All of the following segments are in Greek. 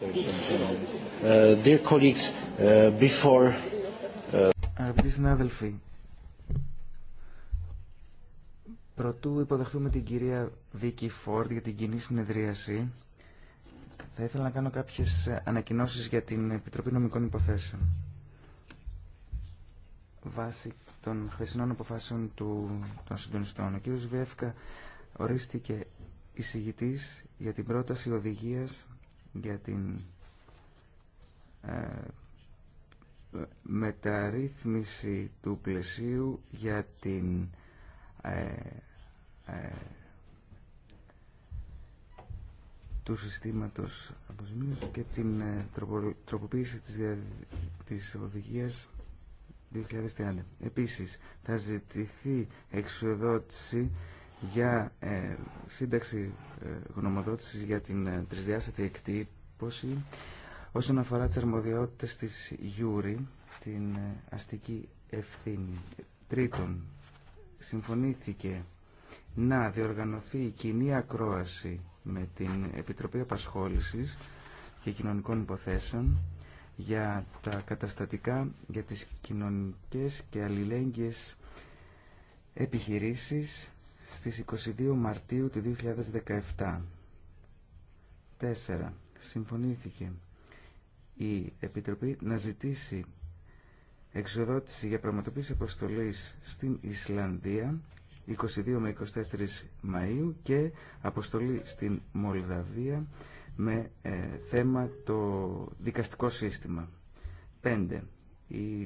Uh, uh, uh, Αγαπητοί συνάδελφοι, πρωτού υποδεχθούμε την κυρία Βίκη Φόρντ για την κοινή συνεδρίαση, θα ήθελα να κάνω κάποιες ανακοινώσεις για την Επιτροπή Νομικών Υποθέσεων. Βάσει των χθεσινών αποφάσεων του, των συντονιστών, ο κύριος Βιέφκα ορίστηκε εισηγητής για την πρόταση οδηγίας για την ε, μεταρρύθμιση του πλαισίου για την ε, ε, του συστήματος αποζημίωσης και την τροποποίηση της, δια, της οδηγίας 2030. Επίσης, θα ζητηθεί εξοδότηση για ε, σύνταξη ε, γνωμοδότησης για την ε, τρισδιάστατη εκτύπωση όσον αφορά τις αρμοδιότητες της Γιούρη, την ε, αστική ευθύνη. Τρίτον, συμφωνήθηκε να διοργανωθεί η κοινή ακρόαση με την Επιτροπή Απασχόλησης και Κοινωνικών Υποθέσεων για τα καταστατικά για τις κοινωνικές και αλληλέγγυες επιχειρήσεις στις 22 Μαρτίου του 2017. 4. Συμφωνήθηκε η Επιτροπή να ζητήσει εξοδότηση για πραγματοποίηση αποστολής στην Ισλανδία 22 με 24 Μαΐου και αποστολή στην Μολδαβία με ε, θέμα το δικαστικό σύστημα. 5. Η,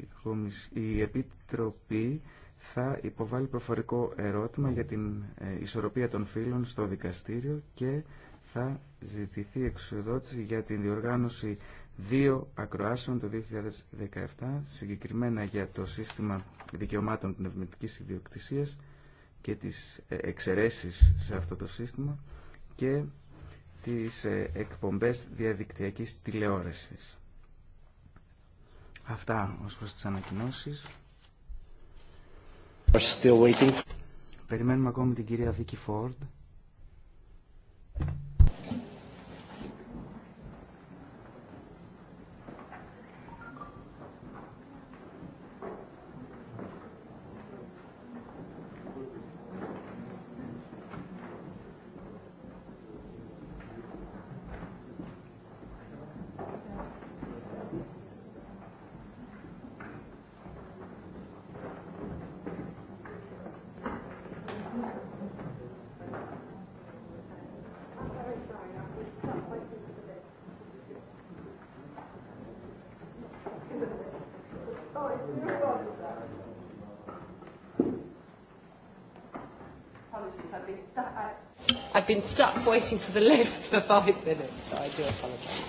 η Επιτροπή θα υποβάλει προφορικό ερώτημα για την ε, ισορροπία των φύλων στο δικαστήριο και θα ζητηθεί εξουδότηση για την διοργάνωση δύο ακροάσεων το 2017, συγκεκριμένα για το σύστημα δικαιωμάτων πνευματικής ιδιοκτησίας και τις ε, εξαιρέσεις σε αυτό το σύστημα και τις ε, εκπομπές διαδικτυακής τηλεόρασης. Αυτά ως προς τις ανακοινώσεις. Περιμένουμε ακόμη την κυρία Βίκη Φόρντ.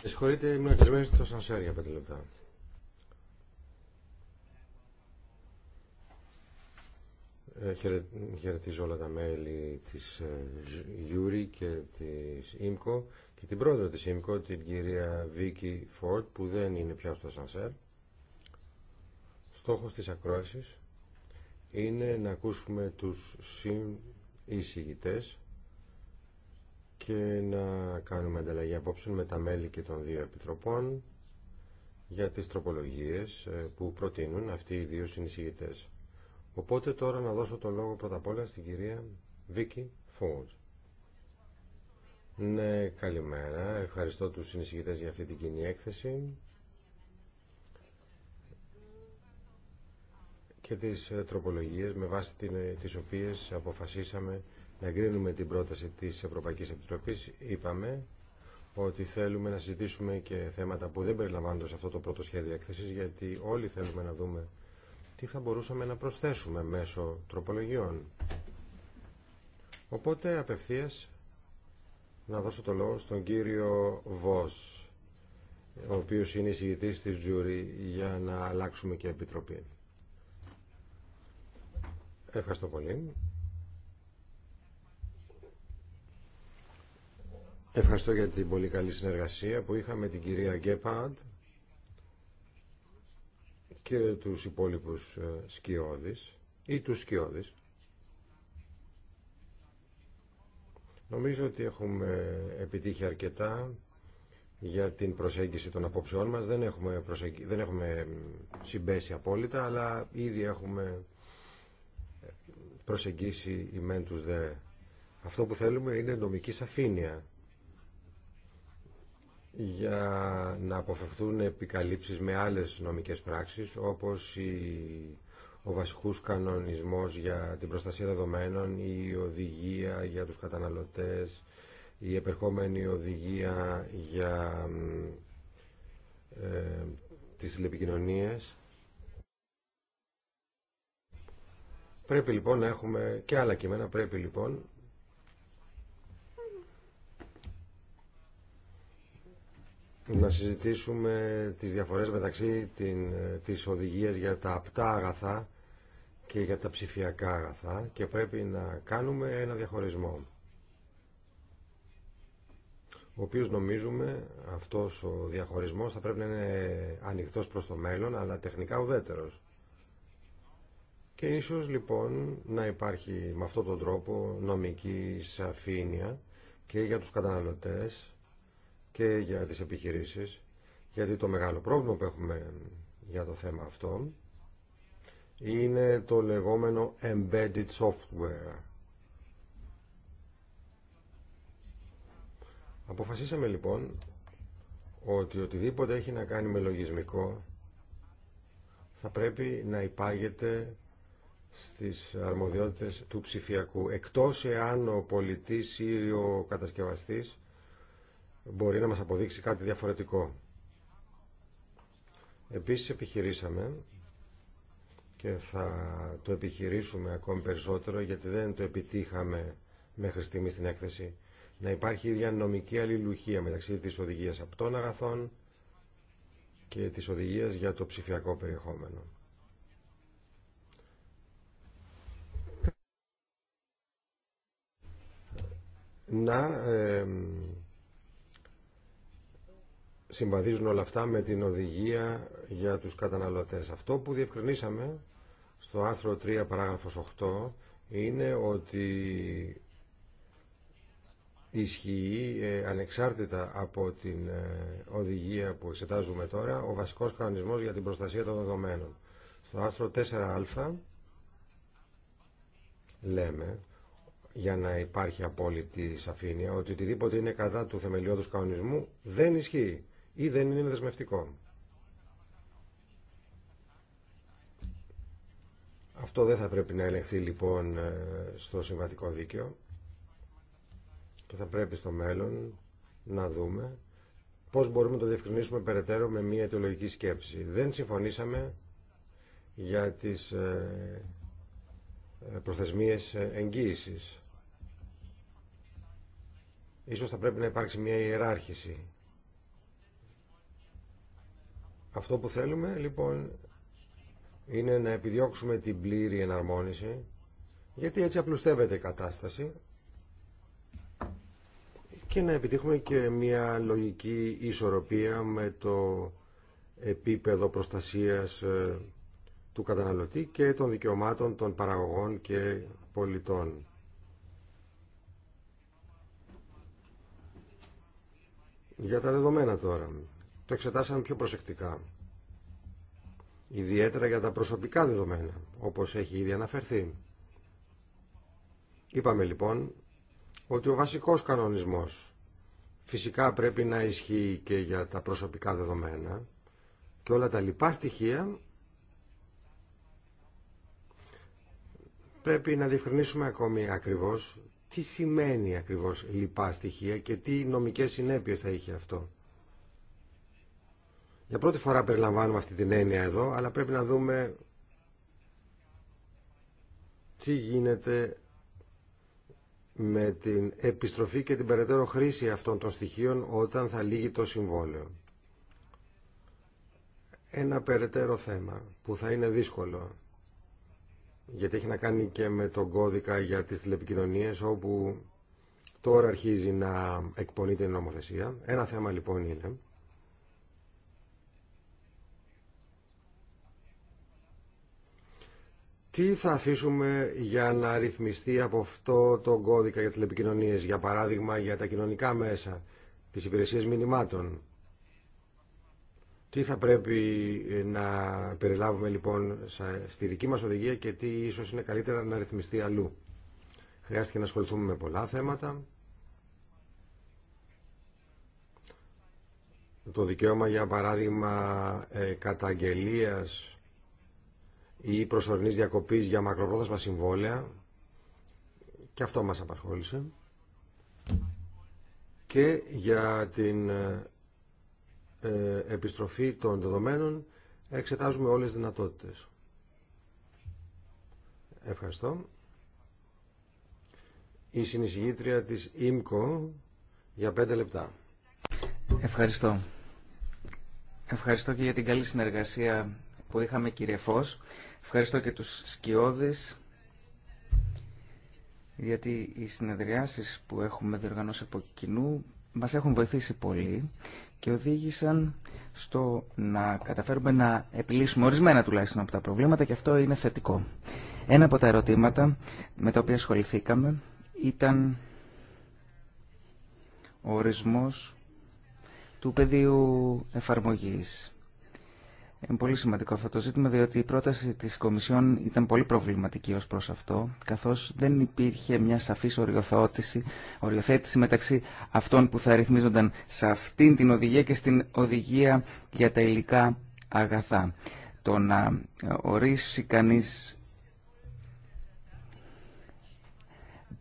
Συγχωρείτε, είμαι κλεισμένος στο σανσέρ για πέντε λεπτά. Ε, χαιρετίζω όλα τα μέλη της ε, Γιούρη και της ΙΜΚΟ και την πρόεδρο της ΙΜΚΟ, την κυρία Βίκη Φόρτ, που δεν είναι πια στο σανσέρ. Στόχος της ακρόασης είναι να ακούσουμε τους συν εισηγητές και να κάνουμε ανταλλαγή απόψεων με τα μέλη και των δύο επιτροπών για τις τροπολογίες ε, που προτείνουν αυτοί οι δύο συνεισηγητές. Οπότε τώρα να δώσω το λόγο πρώτα απ' όλα στην κυρία Βίκη Φόρτ. Ναι, καλημέρα. Ευχαριστώ τους συνεισηγητές για αυτή την κοινή έκθεση. και τις ε, τροπολογίες με βάση ε, τις οποίες αποφασίσαμε να εγκρίνουμε την πρόταση της Ευρωπαϊκής Επιτροπής. Είπαμε ότι θέλουμε να συζητήσουμε και θέματα που δεν περιλαμβάνονται σε αυτό το πρώτο σχέδιο έκθεσης γιατί όλοι θέλουμε να δούμε τι θα μπορούσαμε να προσθέσουμε μέσω τροπολογιών. Οπότε απευθείας να δώσω το λόγο στον κύριο Βος ο οποίος είναι εισηγητής της Τζούρι για να αλλάξουμε και επιτροπή. Ευχαριστώ πολύ. Ευχαριστώ για την πολύ καλή συνεργασία που είχαμε την κυρία Γκέπαντ και τους υπόλοιπους ε, σκιώδεις ή τους σκιώδεις. Νομίζω ότι έχουμε επιτύχει αρκετά για την προσέγγιση των απόψεών μας. Δεν έχουμε, δεν έχουμε συμπέσει απόλυτα, αλλά ήδη έχουμε προσεγγίσει η μεν τους δε. Αυτό που θέλουμε είναι νομική σαφήνεια για να αποφευθούν επικαλύψεις με άλλες νομικές πράξεις όπως η, ο βασικός κανονισμός για την προστασία δεδομένων, η οδηγία για τους καταναλωτές, η επερχόμενη οδηγία για ε, τις Πρέπει λοιπόν να έχουμε και άλλα κείμενα, πρέπει λοιπόν να συζητήσουμε τις διαφορές μεταξύ την, της οδηγίας για τα απτά αγαθά και για τα ψηφιακά αγαθά και πρέπει να κάνουμε ένα διαχωρισμό ο οποίος νομίζουμε αυτός ο διαχωρισμός θα πρέπει να είναι ανοιχτός προς το μέλλον αλλά τεχνικά ουδέτερος και ίσως λοιπόν να υπάρχει με αυτόν τον τρόπο νομική σαφήνεια και για τους καταναλωτές και για τις επιχειρήσεις γιατί το μεγάλο πρόβλημα που έχουμε για το θέμα αυτό είναι το λεγόμενο embedded software. Αποφασίσαμε λοιπόν ότι οτιδήποτε έχει να κάνει με λογισμικό θα πρέπει να υπάγεται στις αρμοδιότητες του ψηφιακού. Εκτός εάν ο πολιτής ή ο κατασκευαστής μπορεί να μας αποδείξει κάτι διαφορετικό. Επίσης επιχειρήσαμε και θα το επιχειρήσουμε ακόμη περισσότερο γιατί δεν το επιτύχαμε μέχρι στιγμή στην έκθεση να υπάρχει ίδια νομική αλληλουχία μεταξύ της οδηγίας των αγαθών και της οδηγίας για το ψηφιακό περιεχόμενο. να συμβαδίζουν όλα αυτά με την οδηγία για τους καταναλωτές. Αυτό που διευκρινίσαμε στο άρθρο 3 παράγραφος 8 είναι ότι ισχύει ε, ανεξάρτητα από την ε, οδηγία που εξετάζουμε τώρα ο βασικός κανονισμός για την προστασία των δεδομένων. Στο άρθρο 4α λέμε για να υπάρχει απόλυτη σαφήνεια ότι οτιδήποτε είναι κατά του θεμελιώδους κανονισμού δεν ισχύει ή δεν είναι δεσμευτικό. Αυτό δεν θα πρέπει να ελεγχθεί λοιπόν ε, στο συμβατικό δίκαιο και θα πρέπει στο μέλλον να δούμε πώς μπορούμε να το διευκρινίσουμε περαιτέρω με μια αιτιολογική σκέψη. Δεν συμφωνήσαμε για τις ε, ε, προθεσμίες εγγύησης. Ίσως θα πρέπει να υπάρξει μια ιεράρχηση. Αυτό που θέλουμε λοιπόν είναι να επιδιώξουμε την πλήρη εναρμόνιση γιατί έτσι απλουστεύεται η κατάσταση και να επιτύχουμε και μια λογική ισορροπία με το επίπεδο προστασίας ε, του καταναλωτή και των δικαιωμάτων των παραγωγών και πολιτών. Για τα δεδομένα τώρα. Το εξετάσαμε πιο προσεκτικά. Ιδιαίτερα για τα προσωπικά δεδομένα, όπως έχει ήδη αναφερθεί. Είπαμε λοιπόν ότι ο βασικός κανονισμός φυσικά πρέπει να ισχύει και για τα προσωπικά δεδομένα και όλα τα λοιπά στοιχεία πρέπει να διευκρινίσουμε ακόμη ακριβώς τι σημαίνει ακριβώς λοιπά στοιχεία και τι νομικές συνέπειες θα είχε αυτό. Για πρώτη φορά περιλαμβάνουμε αυτή την έννοια εδώ, αλλά πρέπει να δούμε τι γίνεται με την επιστροφή και την περαιτέρω χρήση αυτών των στοιχείων όταν θα λύγει το συμβόλαιο. Ένα περαιτέρω θέμα που θα είναι δύσκολο γιατί έχει να κάνει και με τον κώδικα για τις τηλεπικοινωνίες όπου τώρα αρχίζει να εκπονείται η νομοθεσία. Ένα θέμα λοιπόν είναι Τι θα αφήσουμε για να ρυθμιστεί από αυτό το κώδικα για τις τηλεπικοινωνίες, για παράδειγμα για τα κοινωνικά μέσα, τις υπηρεσίες μηνυμάτων. Τι θα πρέπει να περιλάβουμε λοιπόν στη δική μας οδηγία και τι ίσως είναι καλύτερα να ρυθμιστεί αλλού. Χρειάστηκε να ασχοληθούμε με πολλά θέματα. Το δικαίωμα για παράδειγμα ε, καταγγελίας ή προσωρινής διακοπής για μακροπρόθεσμα συμβόλαια και αυτό μας απασχόλησε και για την ε, ε, επιστροφή των δεδομένων εξετάζουμε όλες τις δυνατότητες. Ευχαριστώ. Η συνεισηγήτρια της ΙΜΚΟ για πέντε λεπτά. Ευχαριστώ. Ευχαριστώ και για την καλή συνεργασία που είχαμε κύριε Φως. Ευχαριστώ και τους σκιώδες γιατί οι συνεδριάσεις που έχουμε διοργανώσει από κοινού μας έχουν βοηθήσει πολύ και οδήγησαν στο να καταφέρουμε να επιλύσουμε ορισμένα τουλάχιστον από τα προβλήματα και αυτό είναι θετικό. Ένα από τα ερωτήματα με τα οποία ασχοληθήκαμε ήταν ο ορισμός του πεδίου εφαρμογής. Είναι πολύ σημαντικό αυτό το ζήτημα, διότι η πρόταση της Κομισιόν ήταν πολύ προβληματική ως προς αυτό, καθώς δεν υπήρχε μια σαφής οριοθέτηση μεταξύ αυτών που θα ρυθμίζονταν σε αυτήν την οδηγία και στην οδηγία για τα υλικά αγαθά. Το να ορίσει κανείς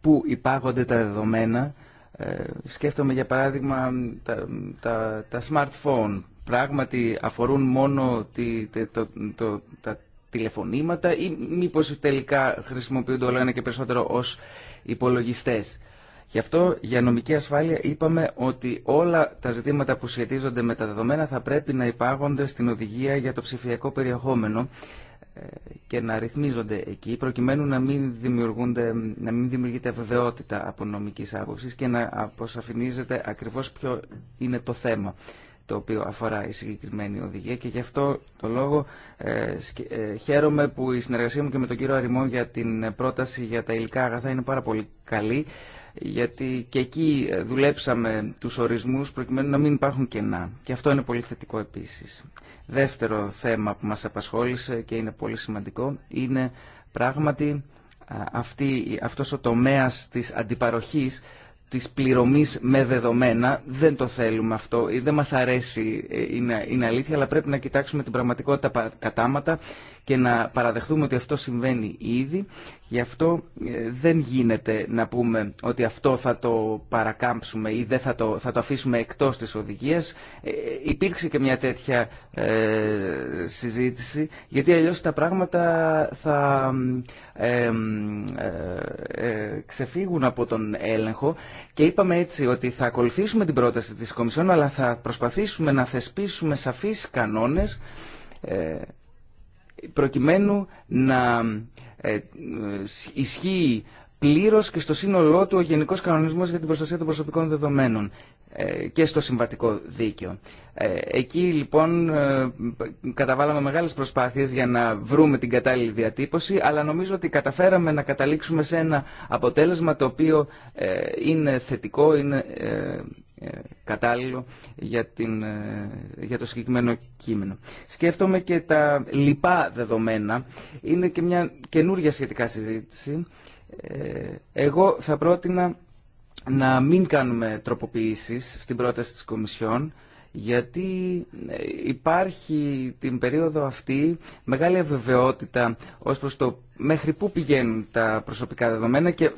που υπάγονται τα δεδομένα, ε, σκέφτομαι για παράδειγμα τα, τα, τα smartphone πράγματι αφορούν μόνο τη, το, τα τηλεφωνήματα ή μήπως τελικά χρησιμοποιούνται όλο ένα και περισσότερο ως υπολογιστές. Γι' αυτό για νομική ασφάλεια είπαμε ότι όλα τα ζητήματα που σχετίζονται με τα δεδομένα θα πρέπει να υπάγονται στην οδηγία για το ψηφιακό περιεχόμενο ε, και να ρυθμίζονται εκεί προκειμένου να μην, δημιουργούνται, να μην δημιουργείται αβεβαιότητα από νομικής άποψης και να αποσαφηνίζεται ακριβώς ποιο είναι το θέμα το οποίο αφορά η συγκεκριμένη οδηγία και γι' αυτό το λόγο ε, ε, χαίρομαι που η συνεργασία μου και με τον κύριο αριμό για την πρόταση για τα υλικά αγαθά είναι πάρα πολύ καλή γιατί και εκεί ε, δουλέψαμε τους ορισμούς προκειμένου να μην υπάρχουν κενά. Και αυτό είναι πολύ θετικό επίσης. Δεύτερο θέμα που μας απασχόλησε και είναι πολύ σημαντικό είναι πράγματι αυτή, αυτός ο τομέας της αντιπαροχής της πληρωμής με δεδομένα. Δεν το θέλουμε αυτό. Δεν μας αρέσει, ε, είναι, αλήθεια, αλλά πρέπει να κοιτάξουμε την πραγματικότητα κατάματα και να παραδεχθούμε ότι αυτό συμβαίνει ήδη. Γι' αυτό ε, δεν γίνεται να πούμε ότι αυτό θα το παρακάμψουμε ή δεν θα το, θα το αφήσουμε εκτός της οδηγίας. Ε, υπήρξε και μια τέτοια ε, συζήτηση, γιατί αλλιώς τα πράγματα θα ε, ξεφύγουν από τον έλεγχο και είπαμε έτσι ότι θα ακολουθήσουμε την πρόταση της Κομισιόν αλλά θα προσπαθήσουμε να θεσπίσουμε σαφείς κανόνες προκειμένου να ε, ισχύει πλήρως και στο σύνολό του ο Γενικός Κανονισμός για την Προστασία των Προσωπικών Δεδομένων ε, και στο συμβατικό δίκαιο. Ε, εκεί λοιπόν καταβάλαμε μεγάλες προσπάθειες για να βρούμε την κατάλληλη διατύπωση αλλά νομίζω ότι καταφέραμε να καταλήξουμε σε ένα αποτέλεσμα το οποίο είναι θετικό, είναι ε, κατάλληλο για, την, ε, για το συγκεκριμένο κείμενο. Σκέφτομαι και τα λοιπά δεδομένα. Είναι και μια καινούργια σχετικά συζήτηση. Ε, εγώ θα πρότεινα να μην κάνουμε τροποποιήσεις στην πρόταση της Κομισιόν γιατί υπάρχει την περίοδο αυτή μεγάλη αβεβαιότητα ως προς το μέχρι πού πηγαίνουν τα προσωπικά δεδομένα και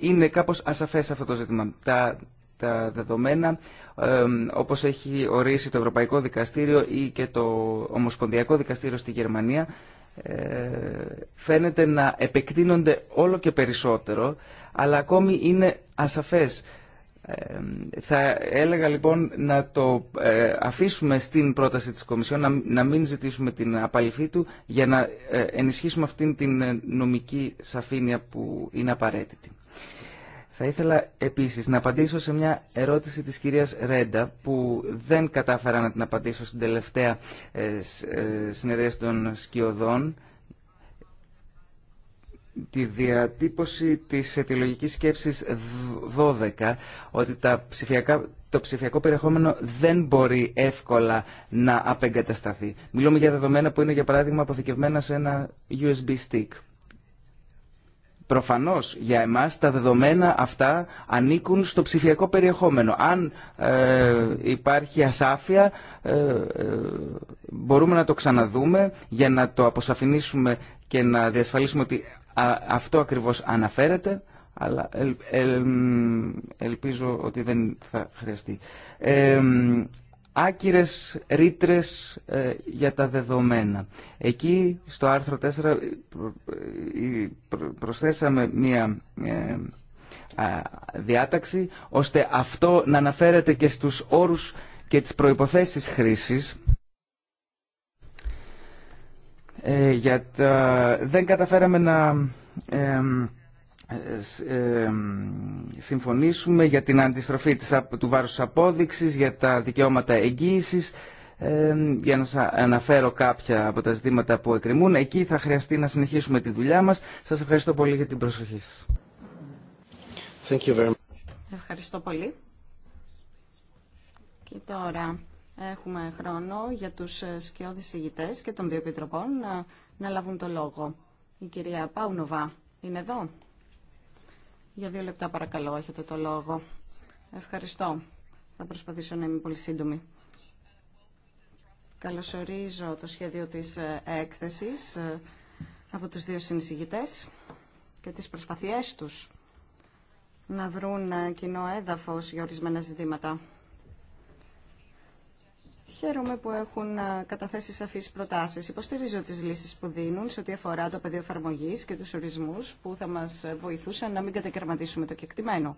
είναι κάπως ασαφές αυτό το ζήτημα. Τα τα δεδομένα όπως έχει ορίσει το Ευρωπαϊκό Δικαστήριο ή και το Ομοσπονδιακό Δικαστήριο στη Γερμανία ε, φαίνεται να επεκτείνονται όλο και περισσότερο αλλά ακόμη είναι ασαφές. Θα έλεγα λοιπόν να το ε, αφήσουμε στην πρόταση της Κομισιόν να μην ζητήσουμε την απαλήφή του για να ε, ενισχύσουμε αυτήν την νομική σαφήνεια που είναι απαραίτητη. Θα ήθελα επίσης να απαντήσω σε μια ερώτηση της κυρίας Ρέντα που δεν κατάφερα να την απαντήσω στην τελευταία ε, ε, συνεδρία των σκιωδών τη διατύπωση της αιτιολογικής σκέψης 12 ότι τα το ψηφιακό περιεχόμενο δεν μπορεί εύκολα να απεγκατασταθεί. Μιλούμε για δεδομένα που είναι για παράδειγμα αποθηκευμένα σε ένα USB stick. Προφανώς για εμάς τα δεδομένα αυτά ανήκουν στο ψηφιακό περιεχόμενο. Αν ε, υπάρχει ασάφεια ε, ε, μπορούμε να το ξαναδούμε για να το αποσαφηνίσουμε και να διασφαλίσουμε ότι αυτό ακριβώς αναφέρεται αλλά ελπίζω ότι δεν θα χρειαστεί άκυρες ρήτρε ε, για τα δεδομένα. Εκεί στο άρθρο 4 ε, ε, προσθέσαμε μία διάταξη ώστε αυτό να αναφέρεται και στους όρους και τις προϋποθέσεις χρήσης για δεν καταφέραμε να συμφωνήσουμε για την αντιστροφή της, του βάρους απόδειξης, για τα δικαιώματα εγγύησης, για να σας αναφέρω κάποια από τα ζητήματα που εκκριμούν Εκεί θα χρειαστεί να συνεχίσουμε τη δουλειά μας. Σας ευχαριστώ πολύ για την προσοχή σας. Thank you very much. Ευχαριστώ πολύ. Και τώρα έχουμε χρόνο για τους σκιώδεις ηγητές και των δύο να, να λάβουν το λόγο. Η κυρία Πάουνοβα είναι εδώ. Για δύο λεπτά παρακαλώ, έχετε το λόγο. Ευχαριστώ. Θα προσπαθήσω να είμαι πολύ σύντομη. Καλωσορίζω το σχέδιο της ε, έκθεσης ε, από τους δύο συνεισηγητές και τις προσπαθειές τους να βρουν ε, κοινό έδαφος για ορισμένα ζητήματα. Χαίρομαι που έχουν καταθέσει σαφείς προτάσεις. Υποστηρίζω τι λύσεις που δίνουν σε ό,τι αφορά το πεδίο εφαρμογή και τους ορισμούς που θα μας βοηθούσαν να μην κατακαιρματίσουμε το κεκτημένο.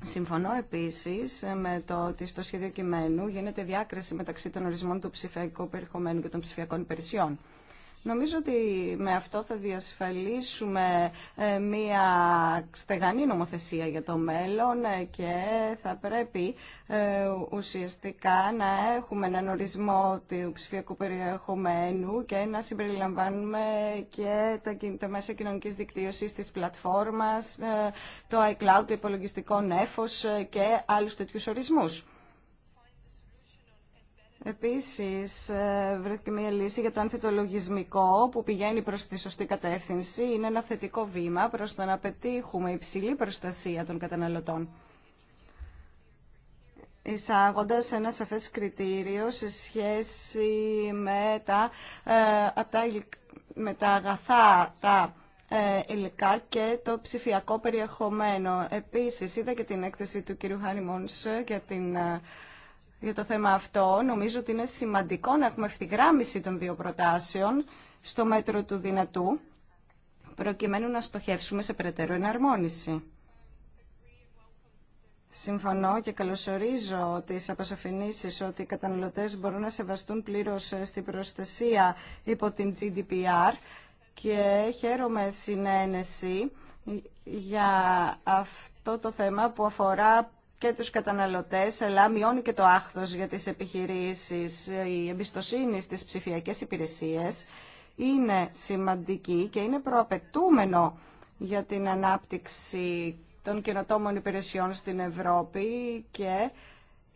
Συμφωνώ επίσης με το ότι στο σχέδιο κειμένου γίνεται διάκριση μεταξύ των ορισμών του ψηφιακού περιεχομένου και των ψηφιακών υπηρεσιών. Νομίζω ότι με αυτό θα διασφαλίσουμε ε, μία στεγανή νομοθεσία για το μέλλον ε, και θα πρέπει ε, ουσιαστικά να έχουμε έναν ορισμό του ψηφιακού περιεχομένου και να συμπεριλαμβάνουμε και τα μέσα κοινωνικής δικτύωσης της πλατφόρμας, το iCloud, το υπολογιστικό νέφος και άλλους τέτοιους ορισμούς. Επίσης ε, βρέθηκε μια λύση για το ανθιτολογισμικό που πηγαίνει προς τη σωστή κατεύθυνση. Είναι ένα θετικό βήμα προς το να πετύχουμε υψηλή προστασία των καταναλωτών. Εισάγοντας ένα σαφές κριτήριο σε σχέση με τα, ε, με τα αγαθά, τα ε, υλικά και το ψηφιακό περιεχομένο. Επίσης είδα και την έκθεση του κ. Χάρη για την για το θέμα αυτό. Νομίζω ότι είναι σημαντικό να έχουμε ευθυγράμμιση των δύο προτάσεων στο μέτρο του δυνατού, προκειμένου να στοχεύσουμε σε περαιτέρω εναρμόνιση. Συμφωνώ και καλωσορίζω τις αποσαφηνήσεις ότι οι καταναλωτές μπορούν να σεβαστούν πλήρως στην προστασία υπό την GDPR και χαίρομαι συνένεση για αυτό το θέμα που αφορά και τους καταναλωτές, αλλά μειώνει και το άχθος για τις επιχειρήσεις, η εμπιστοσύνη στις ψηφιακές υπηρεσίες είναι σημαντική και είναι προαπαιτούμενο για την ανάπτυξη των καινοτόμων υπηρεσιών στην Ευρώπη και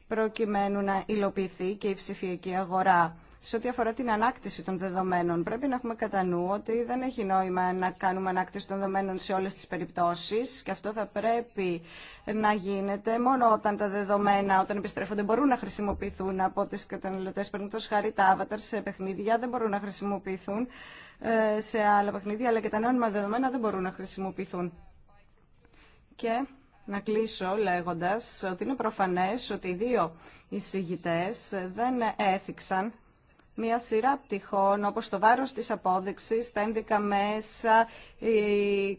προκειμένου να υλοποιηθεί και η ψηφιακή αγορά σε ό,τι αφορά την ανάκτηση των δεδομένων. Πρέπει να έχουμε κατά νου ότι δεν έχει νόημα να κάνουμε ανάκτηση των δεδομένων σε όλες τις περιπτώσεις και αυτό θα πρέπει να γίνεται μόνο όταν τα δεδομένα, όταν επιστρέφονται, μπορούν να χρησιμοποιηθούν από τις καταναλωτές. Περνήτως χάρη τα avatar σε παιχνίδια δεν μπορούν να χρησιμοποιηθούν ε, σε άλλα παιχνίδια, αλλά και τα νόημα δεδομένα δεν μπορούν να χρησιμοποιηθούν. Και να κλείσω λέγοντας ότι είναι προφανές ότι οι δύο εισηγητές δεν έθιξαν μια σειρά πτυχών όπως το βάρος της απόδειξης, τα ένδικα μέσα, η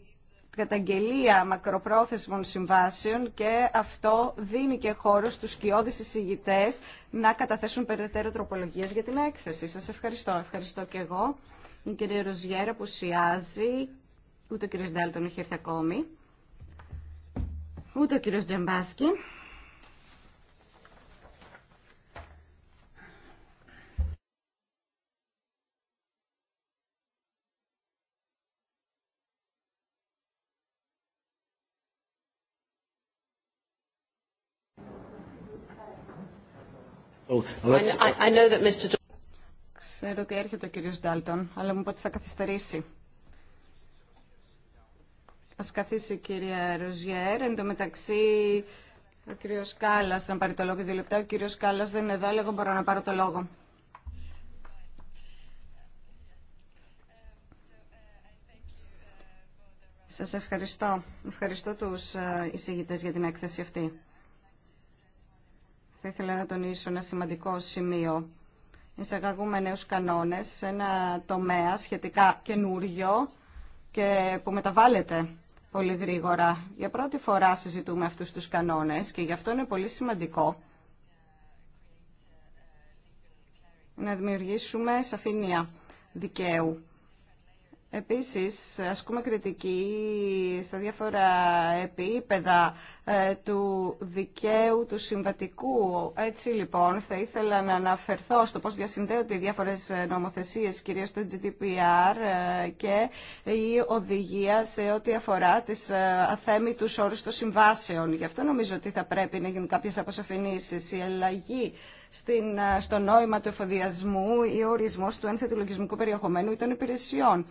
καταγγελία μακροπρόθεσμων συμβάσεων και αυτό δίνει και χώρο στους κοιόδης εισηγητές να καταθέσουν περαιτέρω τροπολογίες για την έκθεση. Σας ευχαριστώ. Ευχαριστώ και εγώ. Η κυρία Ροζιέρα που σιάζει, ούτε ο κύριος Ντάλτον έχει έρθει ακόμη, ούτε ο κύριος Τζεμπάσκι. Oh, Ξέρω ότι έρχεται ο κύριος Ντάλτον, αλλά μου είπε ότι θα καθυστερήσει. Ας καθίσει η κυρία Ροζιέρ. Εν τω μεταξύ, ο κύριος Κάλλας, να πάρει το λόγο δύο λεπτά, ο κύριος Κάλλας δεν είναι εδώ, αλλά εγώ μπορώ να πάρω το λόγο. Σας ευχαριστώ. Ευχαριστώ τους ε, εισηγητές για την έκθεση αυτή θα ήθελα να τονίσω ένα σημαντικό σημείο. Εισαγαγούμε νέους κανόνες σε ένα τομέα σχετικά καινούριο και που μεταβάλλεται πολύ γρήγορα. Για πρώτη φορά συζητούμε αυτούς τους κανόνες και γι' αυτό είναι πολύ σημαντικό να δημιουργήσουμε σαφήνεια δικαίου Επίσης, ασκούμε κριτική στα διάφορα επίπεδα ε, του δικαίου, του συμβατικού. Έτσι, λοιπόν, θα ήθελα να αναφερθώ στο πώς διασυνδέονται οι διάφορες νομοθεσίες, κυρίως το GDPR ε, και η οδηγία σε ό,τι αφορά τις ε, αθέμητους όρους των συμβάσεων. Γι' αυτό νομίζω ότι θα πρέπει να γίνουν κάποιες αποσαφηνήσεις. Η αλλαγή στην, στο νόημα του εφοδιασμού ή ο ορισμός του λογισμικού περιεχομένου ή των υπηρεσιών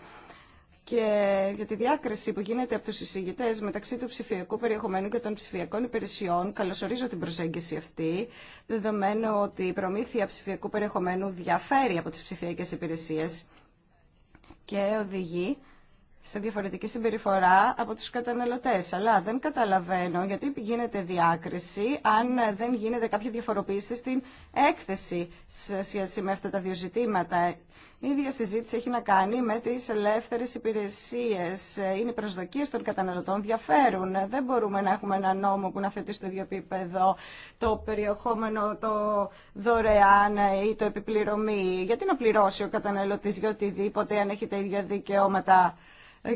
και για τη διάκριση που γίνεται από τους εισηγητές μεταξύ του ψηφιακού περιεχομένου και των ψηφιακών υπηρεσιών, καλωσορίζω την προσέγγιση αυτή, δεδομένου ότι η προμήθεια ψηφιακού περιεχομένου διαφέρει από τις ψηφιακέ υπηρεσίες και οδηγεί σε διαφορετική συμπεριφορά από τους καταναλωτές. Αλλά δεν καταλαβαίνω γιατί γίνεται διάκριση αν δεν γίνεται κάποια διαφοροποίηση στην έκθεση σε σχέση με αυτά τα δύο ζητήματα. Η ίδια συζήτηση έχει να κάνει με τις ελεύθερες υπηρεσίες. Είναι οι προσδοκίες των καταναλωτών, διαφέρουν. Δεν μπορούμε να έχουμε ένα νόμο που να θέτει στο ίδιο επίπεδο το περιεχόμενο, το δωρεάν ή το επιπληρωμή. Γιατί να πληρώσει ο καταναλωτή για οτιδήποτε αν έχει τα ίδια δικαιώματα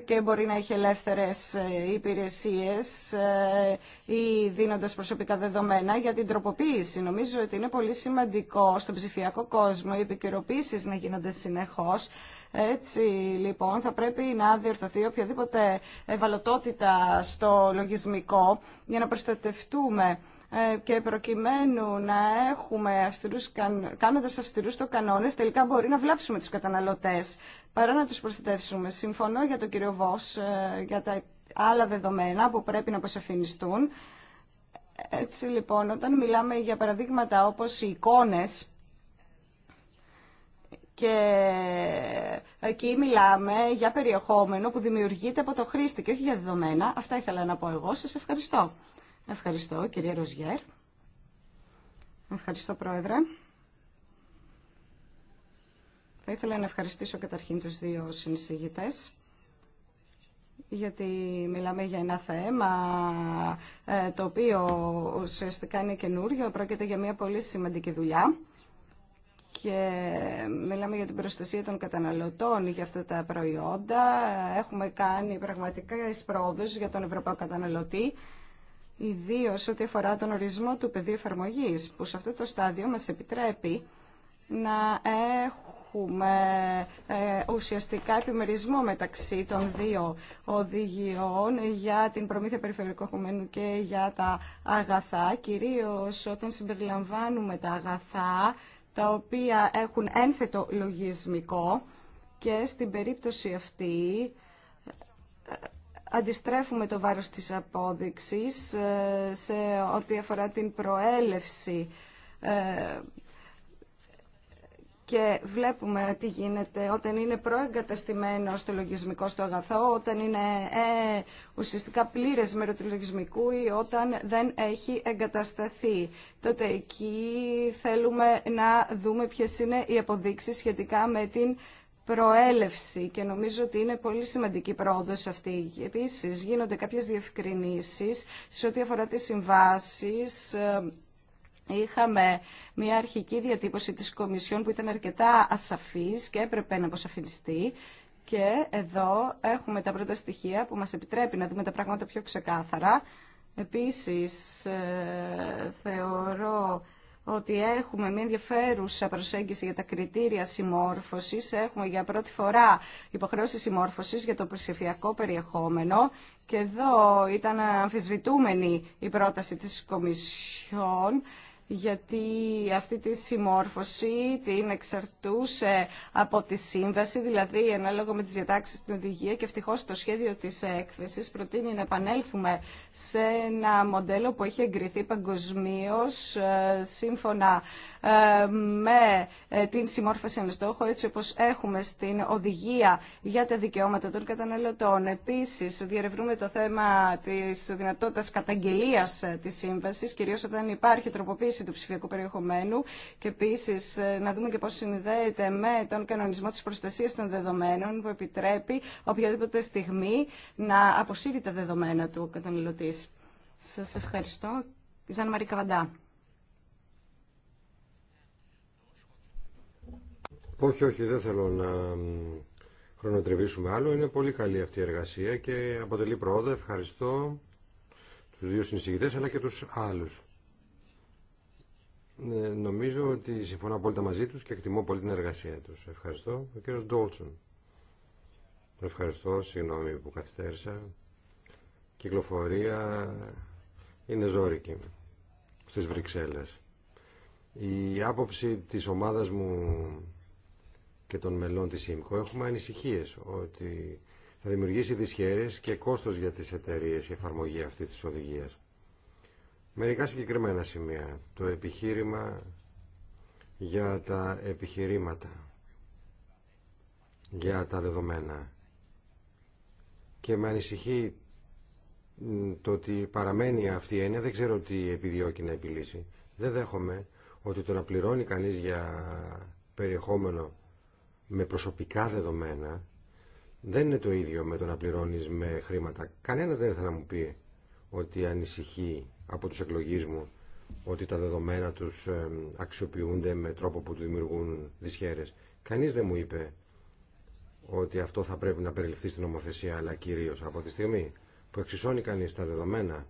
και μπορεί να έχει ελεύθερες ε, υπηρεσίες ε, ή δίνοντας προσωπικά δεδομένα για την τροποποίηση. Νομίζω ότι είναι πολύ σημαντικό στον ψηφιακό κόσμο οι επικαιροποίησεις να γίνονται συνεχώς. Έτσι λοιπόν θα πρέπει να διορθωθεί οποιαδήποτε ευαλωτότητα στο λογισμικό για να προστατευτούμε ε, και προκειμένου να έχουμε αυστηρούς, κάνοντας αυστηρούς το κανόνες τελικά μπορεί να βλάψουμε τους καταναλωτές παρά να τους προστατεύσουμε. Συμφωνώ για τον κύριο Βος, ε, για τα άλλα δεδομένα που πρέπει να αποσαφινιστούν. Έτσι λοιπόν, όταν μιλάμε για παραδείγματα όπως οι εικόνες και εκεί μιλάμε για περιεχόμενο που δημιουργείται από το χρήστη και όχι για δεδομένα. Αυτά ήθελα να πω εγώ. Σας ευχαριστώ. Ευχαριστώ κυρία Ροζιέρ. Ευχαριστώ πρόεδρε. Θα ήθελα να ευχαριστήσω καταρχήν τους δύο συνεισηγητές γιατί μιλάμε για ένα θέμα ε, το οποίο ουσιαστικά είναι καινούριο, πρόκειται για μια πολύ σημαντική δουλειά και μιλάμε για την προστασία των καταναλωτών για αυτά τα προϊόντα. Έχουμε κάνει πραγματικά πρόοδους για τον Ευρωπαίο καταναλωτή, ιδίω ό,τι αφορά τον ορισμό του πεδίου εφαρμογή, που σε αυτό το στάδιο μας επιτρέπει να έχουμε έχουμε ε, ουσιαστικά επιμερισμό μεταξύ των δύο οδηγιών για την προμήθεια περιφερειακού χωμένου και για τα αγαθά, κυρίως όταν συμπεριλαμβάνουμε τα αγαθά τα οποία έχουν ένθετο λογισμικό και στην περίπτωση αυτή ε, αντιστρέφουμε το βάρος της απόδειξης ε, σε ό,τι αφορά την προέλευση και βλέπουμε τι γίνεται όταν είναι προεγκαταστημένο το λογισμικό στο αγαθό, όταν είναι ε, ουσιαστικά πλήρες μέρο του λογισμικού ή όταν δεν έχει εγκατασταθεί. Τότε εκεί θέλουμε να δούμε ποιες είναι οι αποδείξεις σχετικά με την προέλευση και νομίζω ότι είναι πολύ σημαντική πρόοδος αυτή. Επίσης γίνονται κάποιες διευκρινήσεις σε ό,τι αφορά τις συμβάσεις ε, Είχαμε μια αρχική διατύπωση της Κομισιόν που ήταν αρκετά ασαφής και έπρεπε να αποσαφινιστεί. Και εδώ έχουμε τα πρώτα στοιχεία που μας επιτρέπει να δούμε τα πράγματα πιο ξεκάθαρα. Επίσης, ε, θεωρώ ότι έχουμε μια ενδιαφέρουσα προσέγγιση για τα κριτήρια συμμόρφωσης. Έχουμε για πρώτη φορά υποχρέωση συμμόρφωσης για το ψηφιακό περιεχόμενο. Και εδώ ήταν αμφισβητούμενη η πρόταση της Κομισιόν γιατί αυτή τη συμμόρφωση την εξαρτούσε από τη σύμβαση, δηλαδή ανάλογα με τις διατάξεις στην οδηγία και ευτυχώς το σχέδιο της έκθεσης προτείνει να επανέλθουμε σε ένα μοντέλο που έχει εγκριθεί παγκοσμίω ε, σύμφωνα ε, με ε, την συμμόρφωση ενός στόχου, έτσι όπως έχουμε στην οδηγία για τα δικαιώματα των καταναλωτών. Επίσης, διερευνούμε το θέμα της δυνατότητας καταγγελίας ε, της σύμβασης, κυρίως όταν υπάρχει τροποποίηση του ψηφιακού περιεχομένου και επίσης να δούμε και πώς συνδέεται με τον κανονισμό της προστασίας των δεδομένων που επιτρέπει οποιαδήποτε στιγμή να αποσύρει τα δεδομένα του καταναλωτή. Σας ευχαριστώ. Ζαν Μαρή Καβαντά. Όχι, όχι, δεν θέλω να χρονοτριβήσουμε άλλο. Είναι πολύ καλή αυτή η εργασία και αποτελεί πρόοδο. Ευχαριστώ τους δύο συνεισηγητές αλλά και τους άλλους. Ε, νομίζω ότι συμφωνώ απόλυτα μαζί τους και εκτιμώ πολύ την εργασία τους. Ευχαριστώ. Ο κύριος Ντόλσον. Ευχαριστώ. Συγγνώμη που καθυστέρησα. Κυκλοφορία είναι ζώρικη στις Βρυξέλλες. Η άποψη της ομάδας μου και των μελών της ΙΜΚΟ έχουμε ανησυχίες ότι θα δημιουργήσει δυσχέρειες και κόστος για τις εταιρείες η εφαρμογή αυτή της οδηγίας. Μερικά συγκεκριμένα σημεία. Το επιχείρημα για τα επιχειρήματα, για τα δεδομένα. Και με ανησυχεί το ότι παραμένει αυτή η έννοια, δεν ξέρω τι επιδιώκει να επιλύσει. Δεν δέχομαι ότι το να πληρώνει κανείς για περιεχόμενο με προσωπικά δεδομένα δεν είναι το ίδιο με το να πληρώνει με χρήματα. Κανένα δεν θα να μου πει ότι ανησυχεί από του εκλογεί μου ότι τα δεδομένα του ε, αξιοποιούνται με τρόπο που του δημιουργούν δυσχέρε. Κανεί δεν μου είπε ότι αυτό θα πρέπει να περιληφθεί στην νομοθεσία, αλλά κυρίω από τη στιγμή που εξισώνει κανεί τα δεδομένα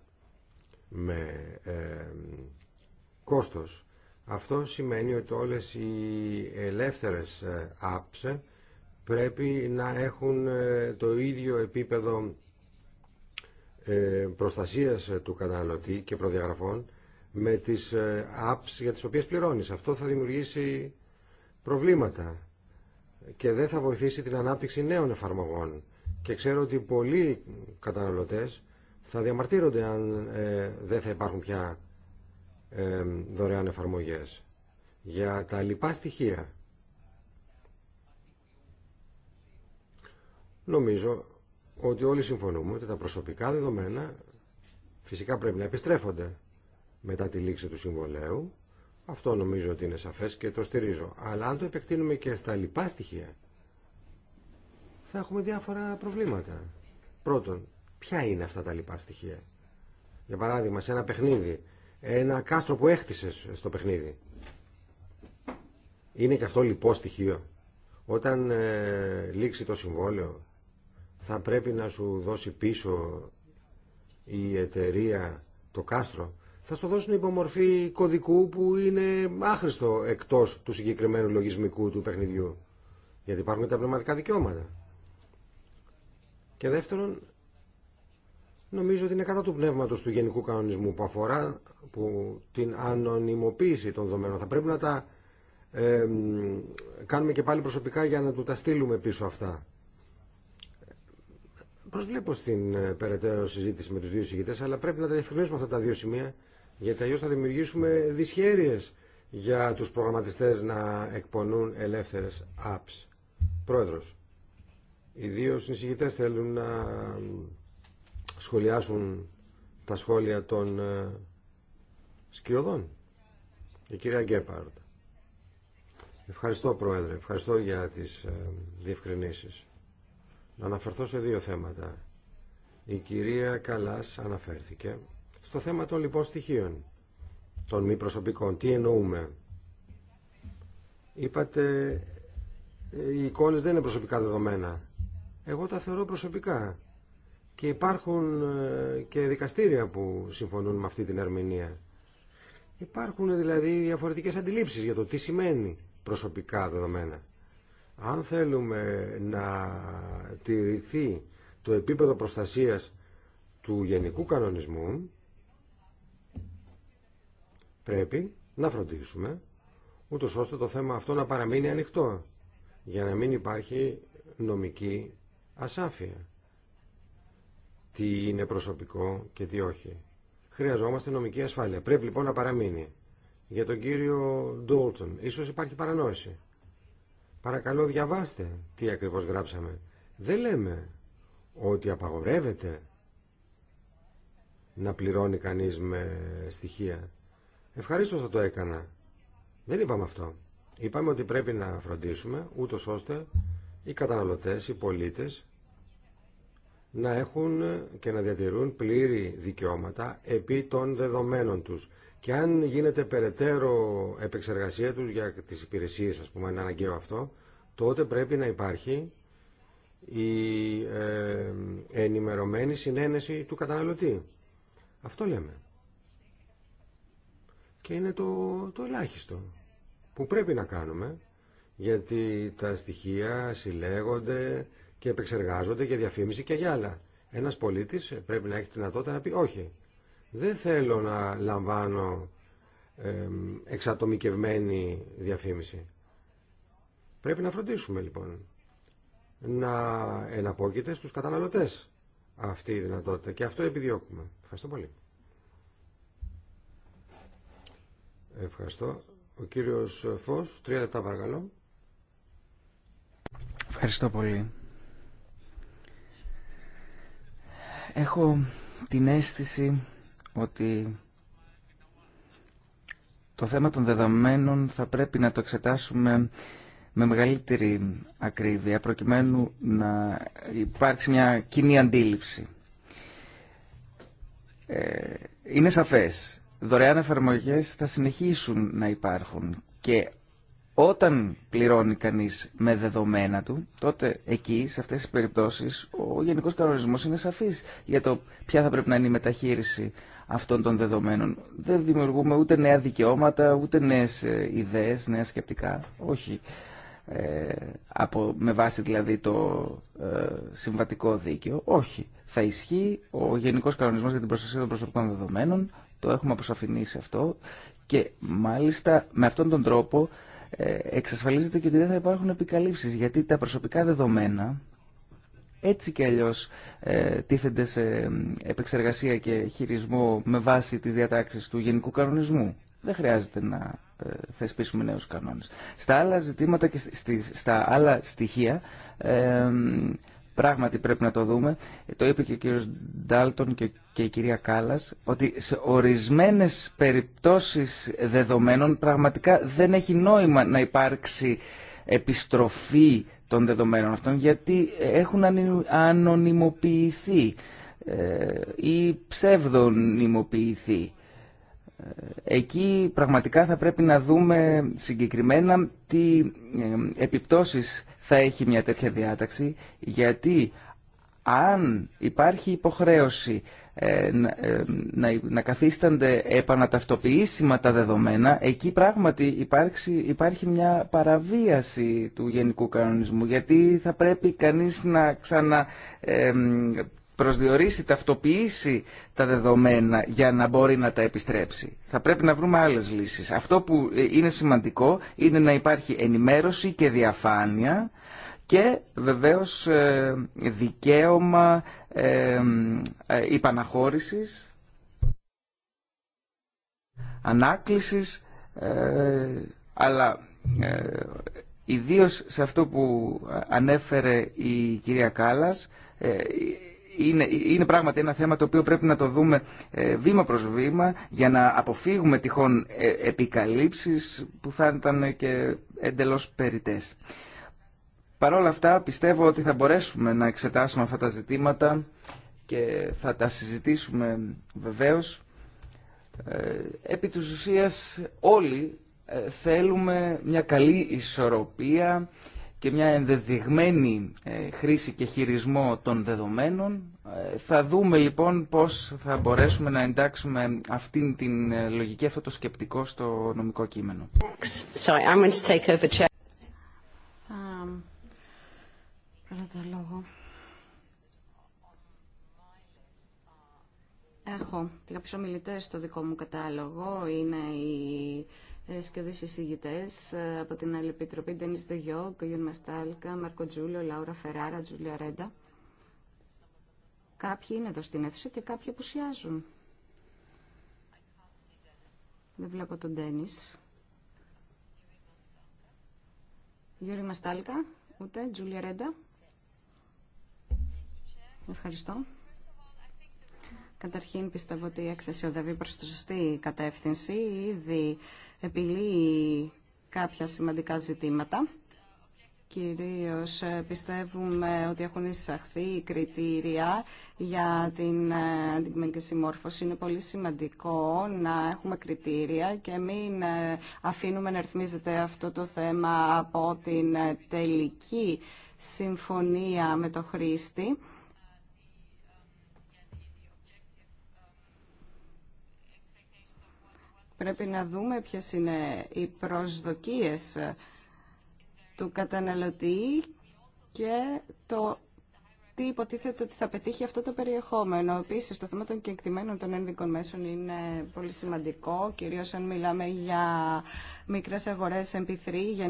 με ε, κόστος αυτό σημαίνει ότι όλες οι ελεύθερες ε, apps πρέπει να έχουν ε, το ίδιο επίπεδο ε, προστασίας του καταναλωτή και προδιαγραφών με τις apps για τις οποίες πληρώνεις. Αυτό θα δημιουργήσει προβλήματα και δεν θα βοηθήσει την ανάπτυξη νέων εφαρμογών. Και ξέρω ότι πολλοί καταναλωτές θα διαμαρτύρονται αν δεν θα υπάρχουν πια δωρεάν εφαρμογές. Για τα λοιπά στοιχεία. Νομίζω ότι όλοι συμφωνούμε ότι τα προσωπικά δεδομένα φυσικά πρέπει να επιστρέφονται μετά τη λήξη του συμβολέου. Αυτό νομίζω ότι είναι σαφές και το στηρίζω. Αλλά αν το επεκτείνουμε και στα λοιπά στοιχεία, θα έχουμε διάφορα προβλήματα. Πρώτον, ποια είναι αυτά τα λοιπά στοιχεία. Για παράδειγμα, σε ένα παιχνίδι ένα κάστρο που έχτισες στο παιχνίδι. Είναι και αυτό λοιπόν στοιχείο. Όταν ε, λήξει το συμβόλαιο θα πρέπει να σου δώσει πίσω η εταιρεία το κάστρο. Θα το δώσουν υπομορφή κωδικού που είναι άχρηστο εκτός του συγκεκριμένου λογισμικού του παιχνιδιού. Γιατί υπάρχουν τα πνευματικά δικαιώματα. Και δεύτερον, νομίζω ότι είναι κατά του πνεύματος του γενικού κανονισμού που αφορά που την ανωνυμοποίηση των δομένων. Θα πρέπει να τα ε, κάνουμε και πάλι προσωπικά για να του τα στείλουμε πίσω αυτά. Προσβλέπω στην ε, περαιτέρω συζήτηση με τους δύο συγκητές, αλλά πρέπει να τα διευκρινίσουμε αυτά τα δύο σημεία, γιατί αλλιώ θα δημιουργήσουμε δυσχέρειες για τους προγραμματιστές να εκπονούν ελεύθερες apps. Πρόεδρος, οι δύο συζητητές θέλουν να σχολιάσουν τα σχόλια των ε, σκιωδών. Η κυρία Γκέπαρντ. Ευχαριστώ Πρόεδρε, ευχαριστώ για τις ε, διευκρινήσεις. Να αναφερθώ σε δύο θέματα. Η κυρία Καλάς αναφέρθηκε στο θέμα των λοιπόν στοιχείων, των μη προσωπικών. Τι εννοούμε. Είπατε ε, οι εικόνες δεν είναι προσωπικά δεδομένα. Εγώ τα θεωρώ προσωπικά και υπάρχουν ε, και δικαστήρια που συμφωνούν με αυτή την ερμηνεία. Υπάρχουν δηλαδή διαφορετικές αντιλήψεις για το τι σημαίνει προσωπικά δεδομένα. Αν θέλουμε να τηρηθεί το επίπεδο προστασίας του γενικού κανονισμού, πρέπει να φροντίσουμε ούτως ώστε το θέμα αυτό να παραμείνει ανοιχτό για να μην υπάρχει νομική ασάφεια τι είναι προσωπικό και τι όχι. Χρειαζόμαστε νομική ασφάλεια. Πρέπει λοιπόν να παραμείνει. Για τον κύριο Ντόλτον, ίσως υπάρχει παρανόηση. Παρακαλώ διαβάστε τι ακριβώς γράψαμε. Δεν λέμε ότι απαγορεύεται να πληρώνει κανείς με στοιχεία. Ευχαριστώ θα το έκανα. Δεν είπαμε αυτό. Είπαμε ότι πρέπει να φροντίσουμε ούτω ώστε οι καταναλωτέ, οι πολίτε να έχουν και να διατηρούν πλήρη δικαιώματα επί των δεδομένων τους. Και αν γίνεται περαιτέρω επεξεργασία τους για τις υπηρεσίες, ας πούμε, είναι αναγκαίο αυτό, τότε πρέπει να υπάρχει η ε, ενημερωμένη συνένεση του καταναλωτή. Αυτό λέμε. Και είναι το, το ελάχιστο που πρέπει να κάνουμε, γιατί τα στοιχεία συλλέγονται, και επεξεργάζονται για διαφήμιση και για άλλα. Ένα πολίτη πρέπει να έχει τη δυνατότητα να πει όχι. Δεν θέλω να λαμβάνω εξατομικευμένη διαφήμιση. Πρέπει να φροντίσουμε λοιπόν να εναπόκειται στους καταναλωτές αυτή η δυνατότητα και αυτό επιδιώκουμε. Ευχαριστώ πολύ. Ευχαριστώ. Ο κύριος Φως, τρία λεπτά παρακαλώ. Ευχαριστώ πολύ. Έχω την αίσθηση ότι το θέμα των δεδομένων θα πρέπει να το εξετάσουμε με μεγαλύτερη ακρίβεια προκειμένου να υπάρξει μια κοινή αντίληψη. Ε, είναι σαφές, δωρεάν εφαρμογές θα συνεχίσουν να υπάρχουν και όταν πληρώνει κανείς με δεδομένα του, τότε εκεί, σε αυτές τις περιπτώσεις, ο γενικός κανονισμός είναι σαφής για το ποια θα πρέπει να είναι η μεταχείριση αυτών των δεδομένων. Δεν δημιουργούμε ούτε νέα δικαιώματα, ούτε νέες ε, ιδέες, νέα σκεπτικά. Όχι. Ε, από, με βάση δηλαδή το ε, συμβατικό δίκαιο. Όχι. Θα ισχύει ο Γενικός Κανονισμός για την Προστασία των Προσωπικών Δεδομένων. Το έχουμε αποσαφηνίσει αυτό. Και μάλιστα με αυτόν τον τρόπο εξασφαλίζεται και ότι δεν θα υπάρχουν επικαλύψεις, γιατί τα προσωπικά δεδομένα έτσι και αλλιώς ε, τίθενται σε επεξεργασία και χειρισμό με βάση τις διατάξεις του Γενικού Κανονισμού. Δεν χρειάζεται να ε, θεσπίσουμε νέους κανόνες. Στα άλλα ζητήματα και στις, στα άλλα στοιχεία... Ε, Πράγματι πρέπει να το δούμε. Το είπε και ο κύριος Ντάλτον και η κυρία Κάλλας ότι σε ορισμένες περιπτώσεις δεδομένων πραγματικά δεν έχει νόημα να υπάρξει επιστροφή των δεδομένων αυτών γιατί έχουν ανωνυμοποιηθεί ε, ή ψευδονυμοποιηθεί. Ε, εκεί πραγματικά θα πρέπει να δούμε συγκεκριμένα τι ε, επιπτώσεις θα έχει μια τέτοια διάταξη, γιατί αν υπάρχει υποχρέωση ε, να, ε, να, καθίστανται επαναταυτοποιήσιμα τα δεδομένα, εκεί πράγματι υπάρχει μια παραβίαση του γενικού κανονισμού, γιατί θα πρέπει κανείς να ξανα... Ε, προσδιορίσει, ταυτοποιήσει τα δεδομένα για να μπορεί να τα επιστρέψει. Θα πρέπει να βρούμε άλλες λύσεις. Αυτό που ε, είναι σημαντικό είναι να υπάρχει ενημέρωση και διαφάνεια και βεβαίως ε, δικαίωμα ε, υπαναχώρησης, ανάκλησης, αλλά ιδίως σε αυτό που ανέφερε η κυρία Κάλλας, είναι, είναι πράγματι ένα θέμα το οποίο πρέπει να το δούμε ε, βήμα προς βήμα για να αποφύγουμε τυχόν ε, επικαλύψεις που θα ήταν και εντελώς περιτές. Παρ' όλα αυτά πιστεύω ότι θα μπορέσουμε να εξετάσουμε αυτά τα ζητήματα και θα τα συζητήσουμε βεβαίως. Ε, επί της ουσίας όλοι θέλουμε μια καλή ισορροπία και μια ενδεδειγμένη ε, χρήση και χειρισμό των δεδομένων. Ε, θα δούμε λοιπόν πώς θα μπορέσουμε να εντάξουμε αυτήν την ε, λογική, αυτό το σκεπτικό στο νομικό κείμενο. Κάποιους ομιλητές στο δικό μου κατάλογο είναι οι ε, σκεδείς εισηγητές ε, από την άλλη επιτροπή, Ντένις Δεγιό, Κογιον Μαστάλκα, Μαρκο Τζούλιο, Λάουρα Φεράρα, Τζούλια Ρέντα. Κάποιοι είναι εδώ στην αίθουσα και κάποιοι απουσιάζουν. Δεν βλέπω τον Ντένις. Γιώργη Μαστάλκα, ούτε, Τζούλια Ρέντα. Ευχαριστώ. Καταρχήν πιστεύω ότι η έκθεση οδεύει προς τη σωστή κατεύθυνση. Ήδη επιλύει κάποια σημαντικά ζητήματα. Κυρίως ε, πιστεύουμε ότι έχουν εισαχθεί κριτήρια για την ε, αντικειμενική συμμόρφωση. Είναι πολύ σημαντικό να έχουμε κριτήρια και μην ε, αφήνουμε να ρυθμίζεται αυτό το θέμα από την τελική συμφωνία με το χρήστη Πρέπει να δούμε ποιες είναι οι προσδοκίες του καταναλωτή και το τι υποτίθεται ότι θα πετύχει αυτό το περιεχόμενο. Επίση, το θέμα των κεκτημένων των ένδικων μέσων είναι πολύ σημαντικό, κυρίω αν μιλάμε για μικρέ αγορέ MP3 για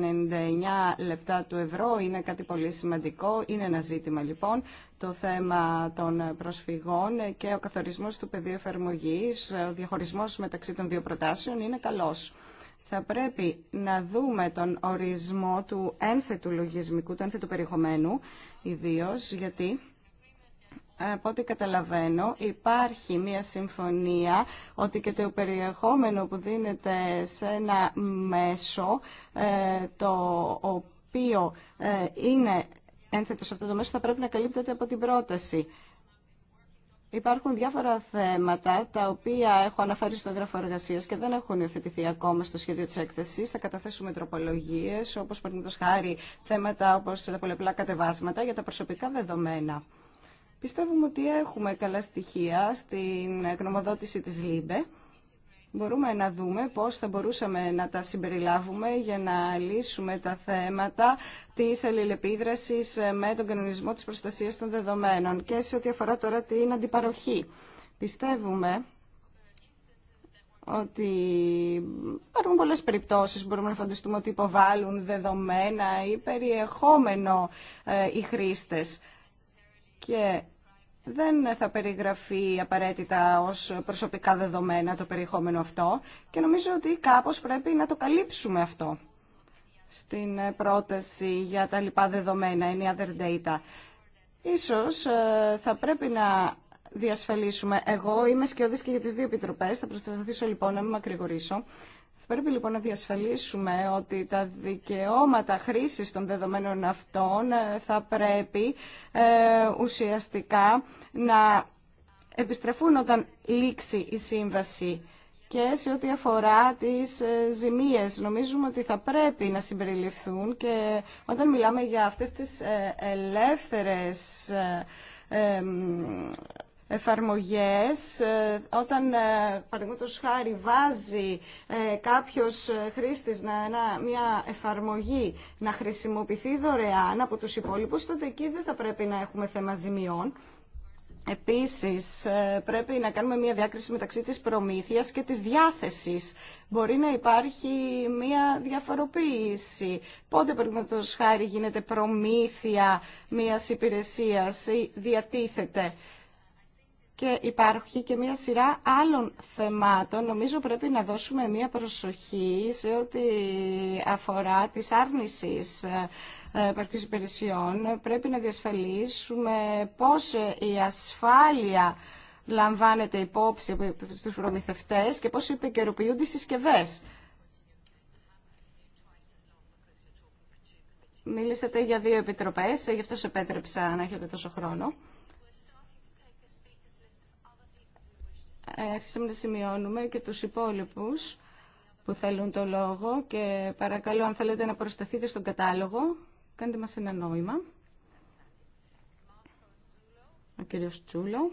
99 λεπτά του ευρώ. Είναι κάτι πολύ σημαντικό. Είναι ένα ζήτημα λοιπόν το θέμα των προσφυγών και ο καθορισμός του πεδίου εφαρμογή, ο διαχωρισμός μεταξύ των δύο προτάσεων είναι καλός θα πρέπει να δούμε τον ορισμό του ένθετου λογισμικού, του ένθετου περιεχομένου, ιδίως γιατί από ό,τι καταλαβαίνω υπάρχει μια συμφωνία ότι και το περιεχόμενο που δίνεται σε ένα μέσο ε, το οποίο ε, είναι ένθετο σε αυτό το μέσο θα πρέπει να καλύπτεται από την πρόταση. Υπάρχουν διάφορα θέματα τα οποία έχω αναφέρει στο έγγραφο εργασία και δεν έχουν υιοθετηθεί ακόμα στο σχέδιο τη έκθεση. Θα καταθέσουμε τροπολογίε, όπω παραδείγματο χάρη θέματα όπω τα πολλαπλά κατεβάσματα για τα προσωπικά δεδομένα. Πιστεύουμε ότι έχουμε καλά στοιχεία στην γνωμοδότηση της ΛΥΜΠΕ μπορούμε να δούμε πώς θα μπορούσαμε να τα συμπεριλάβουμε για να λύσουμε τα θέματα της αλληλεπίδρασης με τον κανονισμό της προστασίας των δεδομένων και σε ό,τι αφορά τώρα την αντιπαροχή. Πιστεύουμε ότι υπάρχουν πολλές περιπτώσεις μπορούμε να φανταστούμε ότι υποβάλλουν δεδομένα ή περιεχόμενο ε, οι χρήστες. Και δεν θα περιγραφεί απαραίτητα ως προσωπικά δεδομένα το περιεχόμενο αυτό και νομίζω ότι κάπως πρέπει να το καλύψουμε αυτό στην πρόταση για τα λοιπά δεδομένα, any other data. Ίσως ε, θα πρέπει να διασφαλίσουμε. Εγώ είμαι σκιώδης και για τις δύο επιτροπές, θα προσπαθήσω λοιπόν να μην ακρηγορήσω. Πρέπει λοιπόν να διασφαλίσουμε ότι τα δικαιώματα χρήσης των δεδομένων αυτών ε, θα πρέπει ε, ουσιαστικά να επιστρεφούν όταν λήξει η σύμβαση και σε ό,τι αφορά τις ε, ζημίες. Νομίζουμε ότι θα πρέπει να συμπεριληφθούν και όταν μιλάμε για αυτές τις ελεύθερες εφαρμογές ε, όταν ε, παραδείγματο χάρη βάζει ε, κάποιος χρήστης να, μια εφαρμογή να χρησιμοποιηθεί δωρεάν από τους υπόλοιπους τότε εκεί δεν θα πρέπει να έχουμε θέμα ζημιών Επίσης, πρέπει να κάνουμε μια διάκριση μεταξύ της προμήθειας και της διάθεσης. Μπορεί να υπάρχει μια διαφοροποίηση. Πότε, παραδείγματος χάρη, γίνεται προμήθεια μιας υπηρεσίας ή διατίθεται και υπάρχει και μια σειρά άλλων θεμάτων. Νομίζω πρέπει να δώσουμε μια προσοχή σε ό,τι αφορά τις άρνησης ε, επαρκής υπηρεσιών. Πρέπει να διασφαλίσουμε πώς η ασφάλεια λαμβάνεται υπόψη στους προμηθευτές και πώς επικαιροποιούνται οι συσκευές. Μίλησατε για δύο επιτροπές, γι' αυτό σε επέτρεψα να έχετε τόσο χρόνο. άρχισαμε να σημειώνουμε και τους υπόλοιπους που θέλουν το λόγο και παρακαλώ αν θέλετε να προσταθείτε στον κατάλογο, κάντε μας ένα νόημα. Ο κύριος Τσούλο.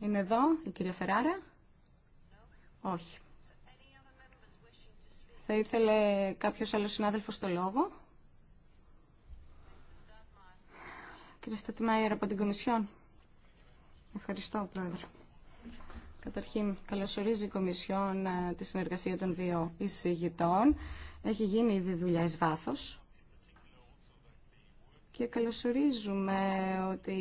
Είναι εδώ η κυρία Φεράρα. Όχι. Θα ήθελε κάποιος άλλος συνάδελφος το λόγο. Κύριε Στατημάιερ από την Κομισιόν. Ευχαριστώ, Πρόεδρε. Καταρχήν, καλωσορίζει η Κομισιόν ε, τη συνεργασία των δύο εισηγητών. Έχει γίνει ήδη δουλειά εις βάθος. Και καλωσορίζουμε ότι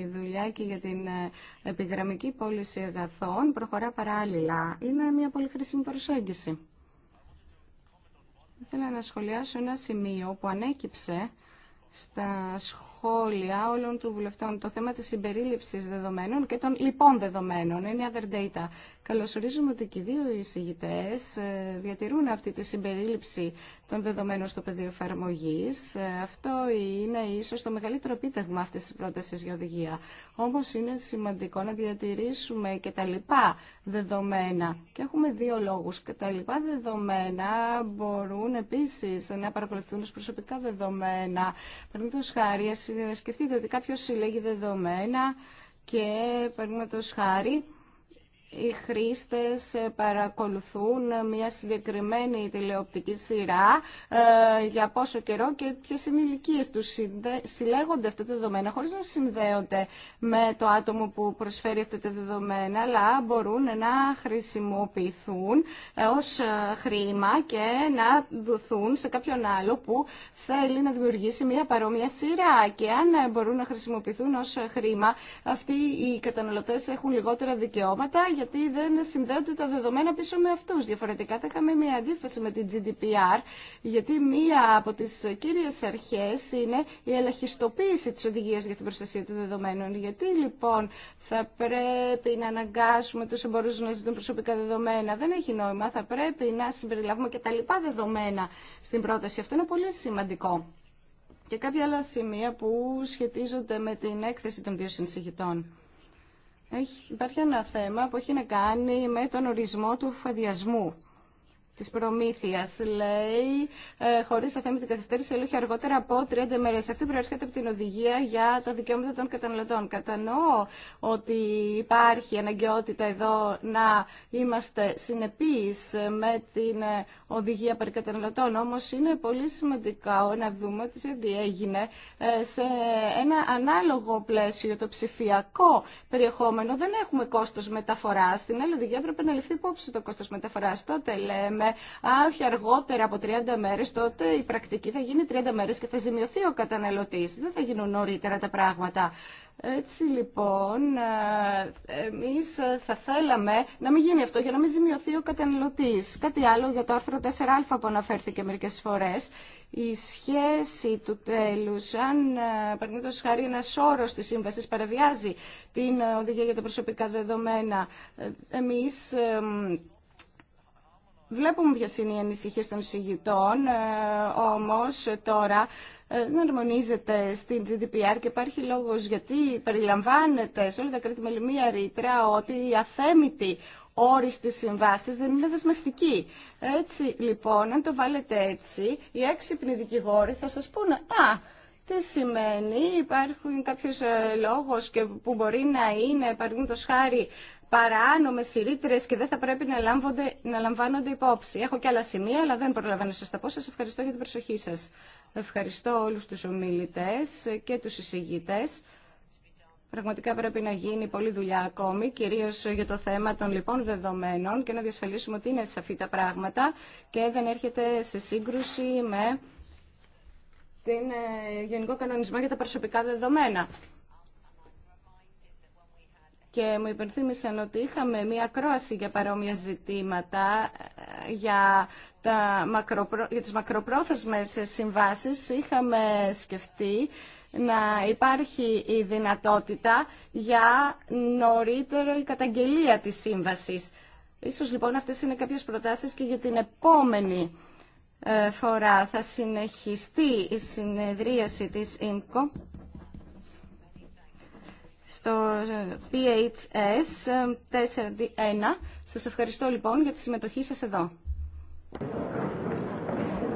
η δουλειά και για την ε, επιγραμμική πώληση αγαθών προχωρά παράλληλα. Είναι μια πολύ χρήσιμη προσέγγιση. Θέλω να σχολιάσω ένα σημείο που ανέκυψε στα σχόλια σχόλια όλων των βουλευτών. Το θέμα της συμπερίληψης δεδομένων και των λοιπών δεδομένων, είναι other data. Καλωσορίζουμε ότι και οι δύο εισηγητές ε, διατηρούν αυτή τη συμπερίληψη των δεδομένων στο πεδίο εφαρμογή. Ε, αυτό είναι ίσως το μεγαλύτερο επίτευγμα αυτής της πρότασης για οδηγία. Όμως είναι σημαντικό να διατηρήσουμε και τα λοιπά δεδομένα. Και έχουμε δύο λόγους. Και τα λοιπά δεδομένα μπορούν επίσης να παρακολουθούν προσωπικά δεδομένα. Παραδείγματος χάρη, σκεφτείτε ότι κάποιος συλλέγει δεδομένα και, παραδείγματο χάρη, οι χρήστες ε, παρακολουθούν ε, μια συγκεκριμένη τηλεοπτική σειρά ε, για πόσο καιρό και ποιες είναι οι ηλικίε τους. Συλλέγονται αυτά τα δεδομένα χωρίς να συνδέονται με το άτομο που προσφέρει αυτά τα δεδομένα, αλλά μπορούν να χρησιμοποιηθούν ως χρήμα και να δοθούν σε κάποιον άλλο που θέλει να δημιουργήσει μια παρόμοια σειρά. Και αν μπορούν να χρησιμοποιηθούν ως χρήμα, αυτοί οι καταναλωτές έχουν λιγότερα δικαιώματα γιατί δεν συνδέονται τα δεδομένα πίσω με αυτούς. Διαφορετικά θα είχαμε μια αντίφαση με την GDPR, γιατί μία από τις κύριες αρχές είναι η ελαχιστοποίηση της οδηγίας για την προστασία των δεδομένων. Γιατί λοιπόν θα πρέπει να αναγκάσουμε τους εμπορούς να ζητούν προσωπικά δεδομένα. Δεν έχει νόημα. Θα πρέπει να συμπεριλάβουμε και τα λοιπά δεδομένα στην πρόταση. Αυτό είναι πολύ σημαντικό. Και κάποια άλλα σημεία που σχετίζονται με την έκθεση των δύο συνσηγητών. Έχει, υπάρχει ένα θέμα που έχει να κάνει με τον ορισμό του φαδιασμού. Τη προμήθεια. λέει, ε, χωρίς την καθυστέρηση, αλλά όχι αργότερα από 30 μέρε. Αυτή προέρχεται από την οδηγία για τα δικαιώματα των καταναλωτών. Κατανοώ ότι υπάρχει αναγκαιότητα εδώ να είμαστε συνεπεί με την ε, οδηγία περί καταναλωτών, όμω είναι πολύ σημαντικά να δούμε τι έγινε ε, σε ένα ανάλογο πλαίσιο, το ψηφιακό περιεχόμενο. Δεν έχουμε κόστο μεταφορά Στην άλλη οδηγία έπρεπε να ληφθεί υπόψη το κόστο μεταφορά. Τότε λέμε λέμε «Α, όχι αργότερα από 30 μέρες», τότε η πρακτική θα γίνει 30 μέρες και θα ζημιωθεί ο καταναλωτή. Δεν θα γίνουν νωρίτερα τα πράγματα. Έτσι λοιπόν, ε, εμείς ε, θα θέλαμε να μην γίνει αυτό για να μην ζημιωθεί ο καταναλωτή. Κάτι άλλο για το άρθρο 4α που αναφέρθηκε μερικέ φορέ. η σχέση του τέλου, αν ε, παραδείγματο χάρη ένα όρο τη σύμβαση παραβιάζει την οδηγία για τα προσωπικά δεδομένα, εμείς Βλέπουμε ποιε είναι οι ανησυχίε των συγητών, ε, όμως τώρα ε, δεν αρμονίζεται στην GDPR και υπάρχει λόγος γιατί περιλαμβάνεται σε όλα τα κράτη ρήτρα ότι η αθέμητη όρη της συμβάσεις δεν είναι δεσμευτική. Έτσι λοιπόν, αν το βάλετε έτσι, οι έξυπνοι δικηγόροι θα σας πούνε «Α, τι σημαίνει, υπάρχουν κάποιο ε, λόγο που μπορεί να είναι, το χάρη, Παράνομε ρήτρε και δεν θα πρέπει να, να λαμβάνονται υπόψη. Έχω και άλλα σημεία, αλλά δεν προλαβαίνω σα τα πω. Σα ευχαριστώ για την προσοχή σα. Ευχαριστώ όλου του ομιλητέ και του εισηγητέ. Πραγματικά πρέπει να γίνει πολλή δουλειά ακόμη, κυρίω για το θέμα των λοιπόν δεδομένων και να διασφαλίσουμε ότι είναι σαφή τα πράγματα και δεν έρχεται σε σύγκρουση με την ε, Γενικό Κανονισμό για τα Προσωπικά Δεδομένα και μου υπενθύμησαν ότι είχαμε μία κρόαση για παρόμοια ζητήματα ε, για, τα μακροπρό... για τις μακροπρόθεσμες συμβάσεις. Είχαμε σκεφτεί να υπάρχει η δυνατότητα για νωρίτερο η καταγγελία της σύμβασης. Ίσως λοιπόν αυτές είναι κάποιες προτάσεις και για την επόμενη ε, φορά θα συνεχιστεί η συνεδρίαση της ΙΜΚΟ στο PHS 4.1. Ε, σας ευχαριστώ λοιπόν για τη συμμετοχή σας εδώ.